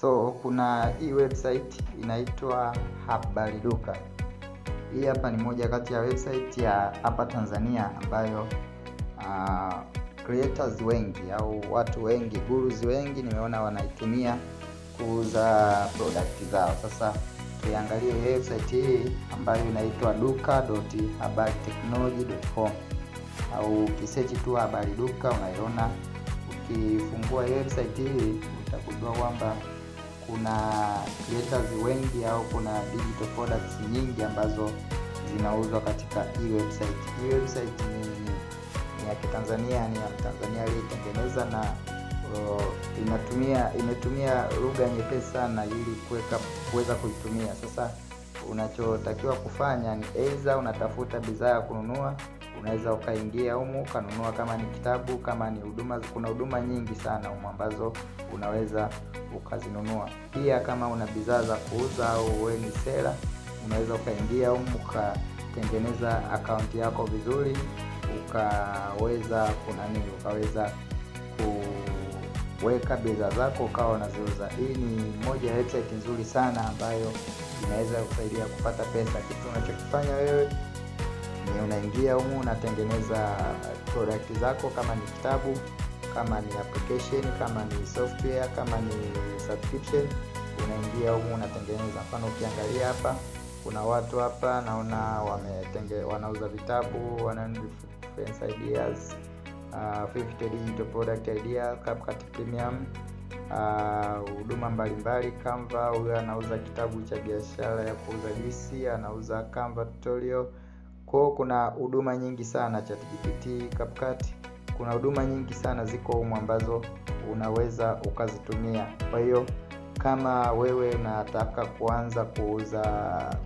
so kuna hii website inaitwa habari duka hii hapa ni moja kati ya website ya hapa tanzania ambayo uh, creators wengi au watu wengi gurus wengi nimeona wanaitumia kuuza product zao sasa tuiangalie website hii ambayo inaitwa duka.habaritechnology.com au ukisechi tu habari duka unaiona ukifungua website hii utagundua kwamba kuna creators wengi au kuna digital products nyingi ambazo zinauzwa katika hii website. Hii website ni, ni ya Kitanzania, ni ya Mtanzania aliyetengeneza na uh, inatumia imetumia lugha nyepesi sana ili kuweka kuweza kuitumia. Sasa unachotakiwa kufanya ni aidha unatafuta bidhaa ya kununua unaweza ukaingia humu ukanunua, kama ni kitabu, kama ni huduma. Kuna huduma nyingi sana humu ambazo unaweza ukazinunua. Pia kama una bidhaa za kuuza au wewe ni sela, unaweza ukaingia humu ukatengeneza akaunti yako vizuri, ukaweza kunani, ukaweza kuweka bidhaa zako ukawa unaziuza. Hii ni moja ya nzuri sana ambayo inaweza kusaidia kupata pesa. Kitu unachokifanya wewe ni unaingia humu unatengeneza product zako, kama ni kitabu, kama ni application, kama ni software, kama ni subscription, unaingia humu unatengeneza. Mfano, ukiangalia hapa kuna watu hapa naona wametenge, wanauza vitabu, wana different ideas uh, 50 digital product idea, CapCut Premium uh, huduma uh, mbalimbali Canva. Huyo anauza kitabu cha biashara ya kuuza juisi, anauza Canva tutorial kwao kuna huduma nyingi sana chatgpt CapCut kuna huduma nyingi sana ziko humu ambazo unaweza ukazitumia kwa hiyo kama wewe unataka kuanza kuuza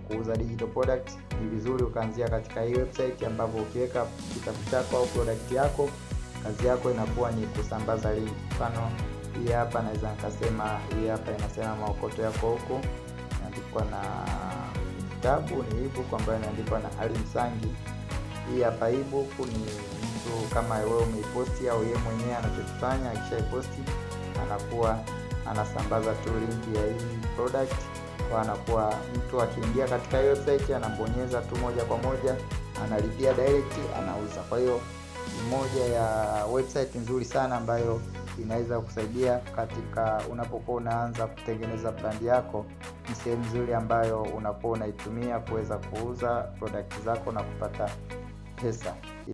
kuuza digital product ni vizuri ukaanzia katika hii website ambapo ukiweka kitabu chako au product yako kazi yako inakuwa ni kusambaza link mfano hii hapa naweza nikasema hii hapa inasema maokoto yako huku inaandikwa na Kitabu ni ebook ambayo inaandikwa na Ali Msangi. Hii hapa ebook ni mtu kama wewe umeiposti au yeye mwenyewe anachokifanya, iposti anakuwa anasambaza tu link ya hii product kwa, anakuwa mtu akiingia katika hiyo website anabonyeza tu moja kwa moja, analipia direct, anauza. Kwa hiyo ni moja ya website nzuri sana ambayo inaweza kusaidia katika unapokuwa unaanza kutengeneza brand yako sehemu nzuri ambayo unakuwa unaitumia kuweza kuuza product zako na kupata pesa.